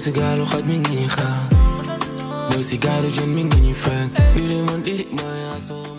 sigaro gaat me niet gaan. Boy, sigaro, jam me niet fan. Nu iemand, ik, maar ja, oh zo.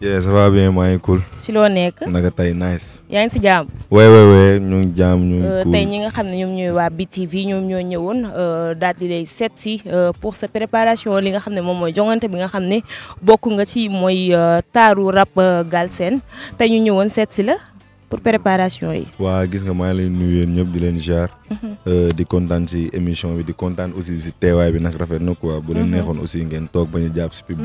yeah ça va bien maa ngi cool. ci loo nekk. naka tey nice. yaa ngi si jàmm. oui oui oui ñu ngi jàmm ñu euh, ñi nga xam ne ñoom ñooy waa BTV ñoom ñoo ñëwoon euh, daal di lay seet si euh, pour sa préparation li nga xam ne moom mooy jongante bi nga xam ne bokk nga ci mooy taaru rap Galsen te ñu ñëwoon seet si la. pour préparation yi. waa gis nga maa ngi leen nuyu yéen ñëpp di leen jaar. Mhm. di kontaan si émission bi di kontaan aussi si teewaay bi nag rafet na quoi. bu leen mhm. neexoon aussi ngeen toog bañ a jàpp si pub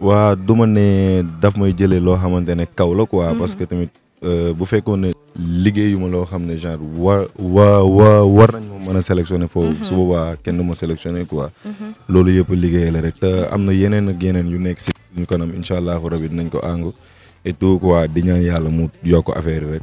waa du ne dafa may jëlee loo xamante ne kaw la quoi. Mm-hmm. parce que tamit euh, bu fekkoon ne liggéeyuma loo xam ne genre wa wa wa war nañ ma mën a sélectionné foofu. Mm-hmm. su boobaa kenn du ma sélectionné quoi. Mm-hmm. loolu yëpp liggéeyale rek te am na yeneen ak yeneen yu nekk si suñu kanam incha allahu rabi dinañ ko àngu et tout quoi di ñaan yàlla mu yokk affaire yi rek.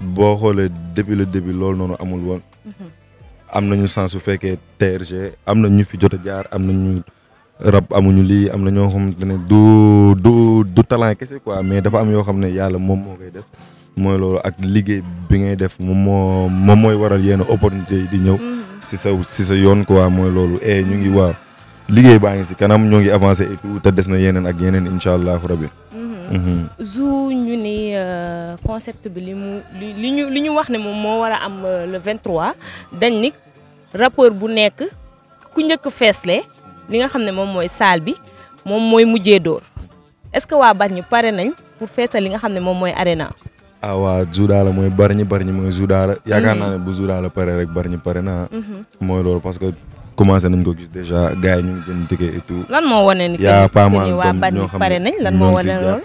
boo xoolee depuis le début loolu noonu amul woon. Mm-hmm. am nañu sens su fekkee TRG am na ñu fi jot a jaar am na ñu rab amuñu lii am na ñoo xamante ne du du du talent kese quoi mais dafa am yoo xam ne yàlla moom moo koy def mooy loolu ak liggéey bi ngay def moom moo moom mooy waral yenn opportunité yi di ñëw. Mm-hmm. si sa si sa yoon quoi mooy loolu e ñu ngi waaw liggéey baa ngi si kanam ñoo ngi avancé et tout te des na yeneen ak yeneen incha allahu rabi. zoo ñu ni euh, concept bi li mu li ñu li ñu wax ne moom moo war a am euh, le 23 dañ ni rappeur bu nekk ku njëkk feesle li nga xam ne moom mooy salle bi moom mooy mujjee dóor est-ce que waa Bargny pare nañ pour feesal li nga xam ne moom mooy arena ah waa Zudaala mooy Bargny Bargny mooy Zudaala. Mhm. yaakaar naa ne bu Zudaala pare rek Bargny pare naa. Mhm. mooy loolu parce que commencé nañ ko gis déjà gars yi ñu ngi jënd ticket et tout. lan moo wane ni que ni waa Bargny pare nañ lan moo wane loolu.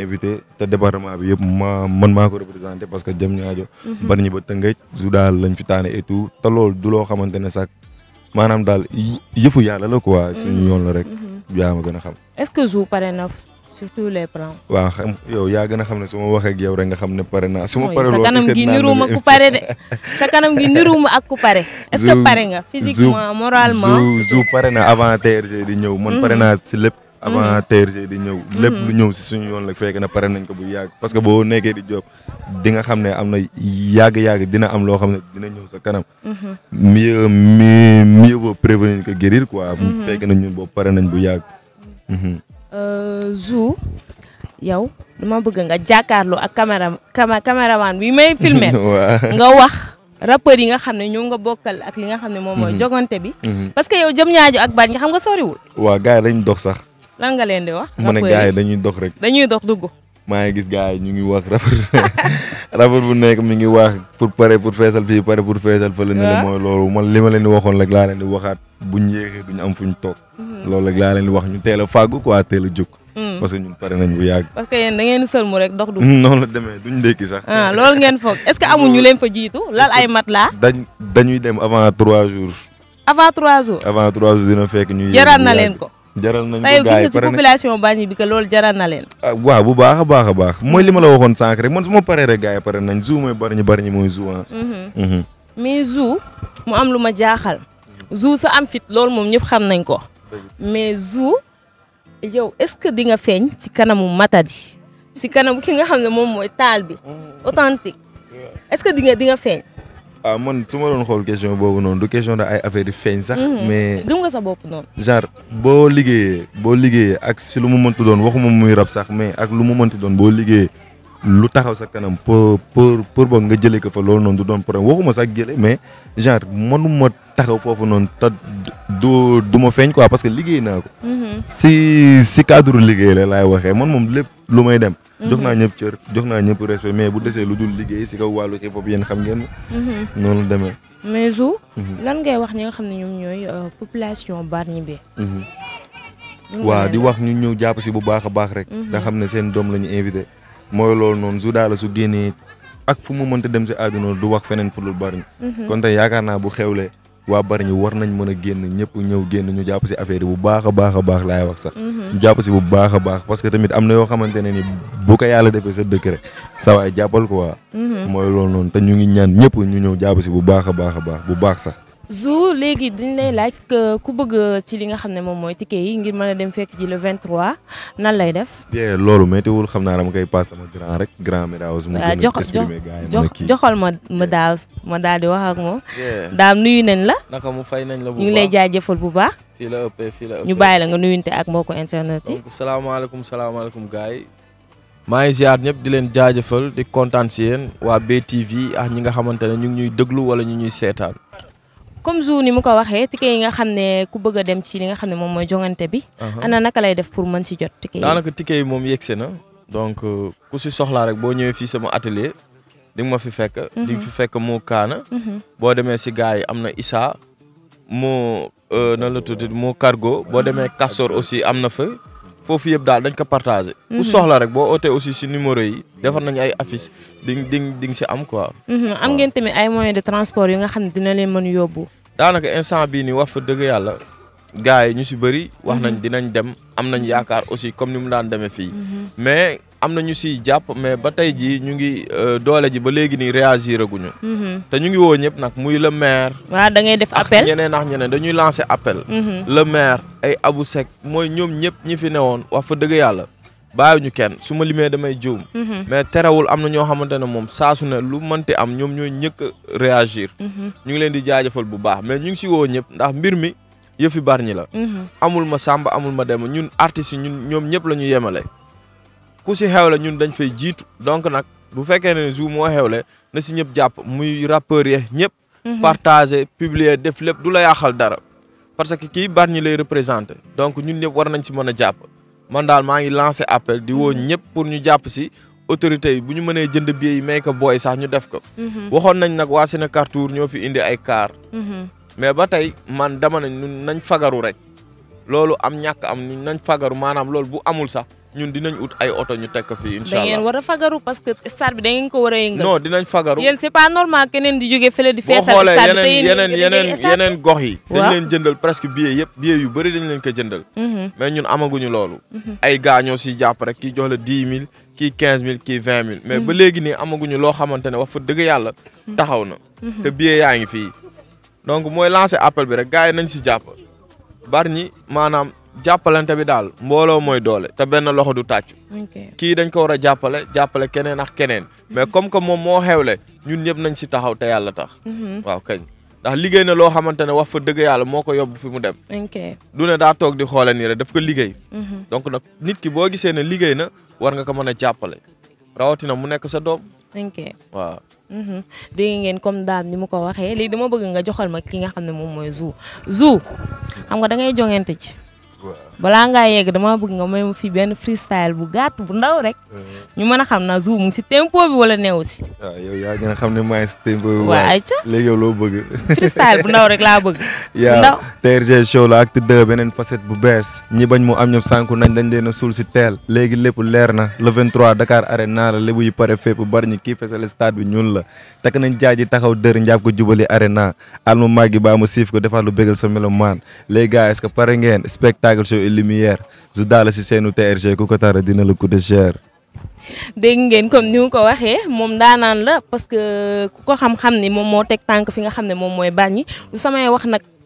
invité te département bi yëpp ma man maa ko représenté parce que jëm ñaajo mhm. bari ñu ba tëngëj su daal lañ fi taane et tout te loolu du loo xamante ne sax maanaam daal yëfu yàlla la quoi. Mhm. suñu yoon la rek. Mhm. yaa ma gën a xam. est-ce que Zou pare na sur waaw xam yow yaa gën a xam ne su ma waxee yow rek nga xam ne pare naa su ma pare loolu sa kanam gi niru ma ak pare. est pare nga physiquement moralement. Zou pare na avant TRG di ñëw. man pare na si lépp. avant mhm. TRG di ñëw. lépp lu mhm. ñëw si suñu yoon la fekk na pare nañ ko bu yàgg parce que boo nekkee di job di nga xam ne am na yàgg yàgg dina am loo xam ne dina ñëw sa kanam. Mhm. mieux mieux mieux prévenir que guérir quoi. fekk na ñun boo pare nañ bu yàgg. Euh, Zou yow dama bëgg nga jàkkaarloo ak a cam caméraman bi may filmer nga wax. rappeurs yi nga xam ne ñoom nga bokkal ak li nga xam ne moom mooy jogante bi parce que yow jëm ñaajo ak baaj nga xam nga soriwul waaw gars yi dañ dox sax lan leen di wax. mu ne gars yi dañuy dox rek. dañuy dox dugg. maa ngi gis gaa yi ñu ngi wax rappeur rappeur bu nekk mi ngi wax pour pare pour feesal fii pare pour feesal fële ne la ah. mooy loolu man li ma leen di waxoon rek laa leen di waxaat bu ñu yéexee ñu am fu ñu toog. Mhm. loolu rek laa leen di wax ñu teel a fàggu quoi teel a jóg. Hmm. parce que ñu pare nañ bu yàgg. parce que yéen da ngeen sël mu rek dox du. Hmm, noonu la demee duñ ndékki sax. ah loolu ngeen foog est-ce que amuñu leen fa jiitu lal ay matelas. dañ dañuy dem avant trois jours. avant trois jours. avant trois jours dina na leen ko jaral nañ ko gars yi gis nga ci population Bargny bi que loolu jaral na ah, waaw bu baax a baax a baax mooy li ma la waxoon sànq rek man su ma paree rek gars yi pare nañ zoo mooy Bargny Bargny mooy zoo ah. Mhm. Mhm. mais zoo mu am lu ma jaaxal. zoo sa am fit loolu moom ñëpp xam nañ ko. mais zoo yow est-ce que di nga feeñ ci kanamu Matadi. si kanamu ki nga xam ne moom mooy taal bi. Mhm. authentique est-ce que di di nga feeñ. ah man su ma doon xool question boobu noonu du question de ay affaire yi feeñ sax. Mm-hmm. mais gëm nga genre boo liggéeyee boo liggéeyee ak si lu mu mënti doon waxuma muy rab sax mais ak lu mu mënti doon boo liggéeyee. lu taxaw sa kanam pour pour pour boog nga jëlee ko fa loolu noonu du doon problème waxuma sax jëlee mais genre mënuma taxaw foofu noonu te du du ma feeñ quoi parce que liggéey naa ko. Mhm. si si cadre liggéey la laay waxee man moom lépp lu may dem. Mhm. jox naa ñëpp cër jox naa ñëpp respect mais bu desee lu dul liggéey si kaw wàllu hip hop yéen xam ngeen ma. Mhm. noonu demee. mais ñi nga xam ne ñoom ñooy euh, population Bargny bi. waaw di wax ñu ñëw jàpp si bu baax a baax rek. nga xam ne seen doom la ñu invité. mooy loolu noon su daal su génnee ak fu mu mënta dem si àdduna du wax feneen fu lu Bargny mhm. kon tey yaakaar naa bu le waa Bargny war nañ mën a génn ñëpp ñëw génn ñu jàpp si affaire yi bu baax a baax a baax laay wax sax mhm. jàpp si bu baax a baax parce que tamit am na yoo xamante ne ni bu ko yàlla defee sa dëkk rek sa waay jàppal mhm. mooy loolu noonu te ñu ngi ñaan ñëpp ñu ñëw jàpp si bu baax a baax a baax bu baax sax Zou léegi dañ lay laaj euh, ku bëgg ci li nga xam ne moom mooy ticket yi ngir mën a dem fekk ji le 23 nan lay def. bien loolu méttiwul xam naa dama koy paas sama grand rek grand Médaouze. mu gën a exprimer gars yi jox joxal ma ma ma daal di wax ak moom. daam nuyu nañ la. naka mu fay nañ la bu ngi lay jëfal bu baax. fii la ëppee ñu bàyyi la nga nuyunte ak mbokku internet yi. donc salaamaaleykum salaamaaleykum gars yi. maa ngi ziar ñëpp di leen jaajëfal di kontaan si yéen waa BTV ak ñi nga xamante ne ñu ngi ñuy déglu wala ñu ñuy seetaan comme jour ni mu ko waxee ticket yi nga xam ne ku bëgg a dem ci li nga xam ne moom mooy jongante bi. Uh-huh. ana naka lay def pour mën si jot ticket yi. moom yegsi na donc euh, ku si soxlaa rek boo ñëwee fii sama atelier di nga ma fi fekk. Uh-huh. di nga fekk moo kaana. Uh-huh. boo demee si gars yi am na Issa moo euh, nan la tudd moo cargo boo demee Castor aussi am na fa. foofu yëpp daal dañ ko partagé. ku soxla rek boo ote aussi si numéro yi defar nañ ay affice di di di si am quoi. am ngeen tamit ay moyens de transport yu nga xam ne dina leen mën yóbbu. daanaka instant bii ni wax fa dëgg yàlla gars yi ñu si bëri. wax nañ mhm. dinañ dem am nañ yaakaar aussi comme ni mu daan demee fii. Mhm. mais am na ñu siy jàpp mais ba tey jii ñu ngi euh, doole ji ba léegi nii réagir ñu mhm. te ñu ngi woo ñëpp nag muy le maire. waaw da ngay def appel ak ñeneen ak ñeneen dañuy lancer appel. le maire ay Abou Seck mooy ñoom ñëpp ñi fi newoon wax fa dëgg yàlla. ñu kenn su ma limee damay jiw. Mhm. mais terewul am na ñoo xamante ne moom saasu su ne lu mënti am ñoom ñooy ñëkk a réagir. Mhm. ñu ngi leen di jaajëfal bu baax mais ñu ngi si woo ñëpp ndax mbir mi yëfi Bargny la. Mhm. amul ma sàmba amul ma dem ñun artistes yi ñun ñoom ñëpp la ñu yemale. ku si xewle ñun dañ fay jiitu donc nag bu fekkee ne jour moo xewle na si ñëpp jàpp muy rappeurs yeeg ñëpp. partager publier def lépp du la yàqal dara. parce que kii Bargny lay représenté donc ñun ñëpp war nañ si mën a jàpp. man daal maa ngi lancé appel di woo ñëpp pour ñu jàpp si autorité yi bu ñu mënee jënd billet yi may ko booy sax ñu def ko. Mhm. waxoon nañ nag waa Sénécartour ñoo fi indi ay car. Mhm. mais ba tey man dama nañ nañ fagaru rek. loolu am ñàkk am nañ fagaru maanaam loolu bu amul sax ñun dinañ ut ay oto ñu teg ko fii incha allah war a fagaru parce que stade bi da ngeen ko war a yëngal. non dinañ fagaru yéen c'est di jógee fële di. feesal stade bi yeneen yeneen yeneen gox yi. dañ leen jëndal presque billet yëpp billet yu bëri dañ leen ko jëndal. Mhm. mais ñun amaguñu loolu. Mhm. ay gaañoo si jàpp rek kii jox la dix mille kii quinze mille kii vingt mille. mais ba mhm. léegi nii amaguñu loo xamante ne wax fa dëgg yàlla taxaw na. te billet yaa ngi fii donc mooy lancer appel bi rek gars yi nañ si jàpp Bargny maanaam jàppalante bi daal mbooloo mooy doole te benn loxo du tàccu. kii dañ ko war a jàppale jàppale keneen ak keneen. Mhm. mais comme que moom moo xewle ñun ñëpp nañ si taxaw te yàlla tax. Mhm. waaw kañ ndax liggéey na loo xamante ne wax fa dëgg yàlla moo ko yóbbu fi mu dem. du ne daa toog di xoole nii rek daf ko liggéey. Mhm. donc nit ki boo gisee ne liggéey na war nga ko man a jàppale rawatina mu nekk sa doom. ok waaw. Mhm. dégg ngeen comme daam ni mu ko waxee léegi dama bëgg nga joxal ma ki nga xam ne moom mooy Zou Zou xam nga da ngay joŋante ci. balaa nga yegg dama bëgg nga may ma fii benn freestyle bu gàtt bu ndaw rek. Mm-hmm. ñu mën a xam na Zou si tempo bi wala neew si. waaw yow yaa ngi xam ne maa ngi si tempo léegi loo bëgg. freestyle bu ndaw rek laa bëgg. bu ndaw TRG show la acte beneen facette bu bees. ñi bañ mu am ñoom sànku nañ dañ leen a suul si teel. léegi lépp leer na le 23 Dakar Arena la lébu yu pare fépp bari ñi kii fesal stade bi ñun la. takk nañ jaaji taxaw dër njaab ko jubali Arena alma màggi baa mu siif ko defaat lu bégal sa melomaan léegi gars est-ce que pare ngeen et lumière su daala si seenu TRG ku ko tara dina la de cher. dégg ngeen comme ni ko ko mom da nan la parce que ku ko xam-xam ni moom moo teg tànk fi nga xam mom moy mooy bàññi samay wax nak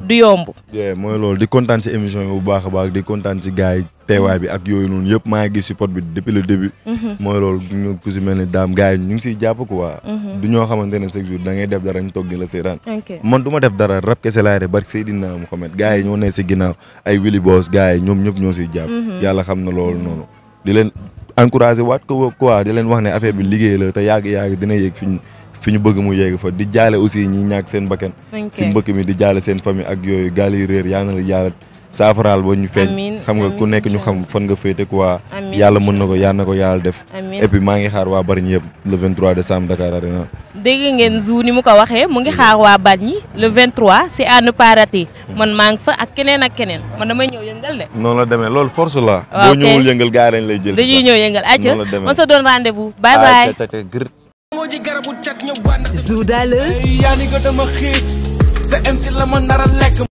du yomb. mooy loolu di kontaan ci émission yi bu baax a baax di kontaan ci gars yi teewaay bi ak yooyu noonu yëpp maa gi gis support bi depi le début. Mhm. mooy loolu ñu mel ni daam gars yi ñu ngi siy jàpp quoi. Mhm. du ñoo xamante ne chaque jour da ngay def dara ñu toog di la seetaan. man du ma def dara rap kese laay def na Seydina Mohamed gars yi ñoo ne si ginaa ay Willy Boss gars yi ñoom ñëpp ñoo siy jàpp. Mhm. yàlla xam na loolu noonu di leen encouragé waat ko quoi di leen wax ne affaire bi liggéey te yàgg yàgg dina yéeg fi Fini ñu bëgg mu yegg fa di jaale aussi ñi ñàkk seen bakkan si mbëkk mi di jaale seen famille ak yooyu gaal yi réer yaa na la yàlla saafaraal ba ñu feeñ xam nga ku nekk ñu xam fan nga féete quoi yàlla mën na ko yàlla na def et puis ngi xaar le 23 décembre Dakar Arena dégg ngeen Zou ni mu ko mu ngi xaar le 23 c'est à ne pas rater man maa ngi fa ak keneen ak keneen man lol ñëw yëngal la demee loolu force la boo ñëwul yëngal gars dañ lay jël dañuy ñëw yëngal acca man sa rendez-vous bye bye boo ji garabu cat ñëw bànn. Zouda la. yaa ni ko dama xiif sa MC la ma nar a lekk.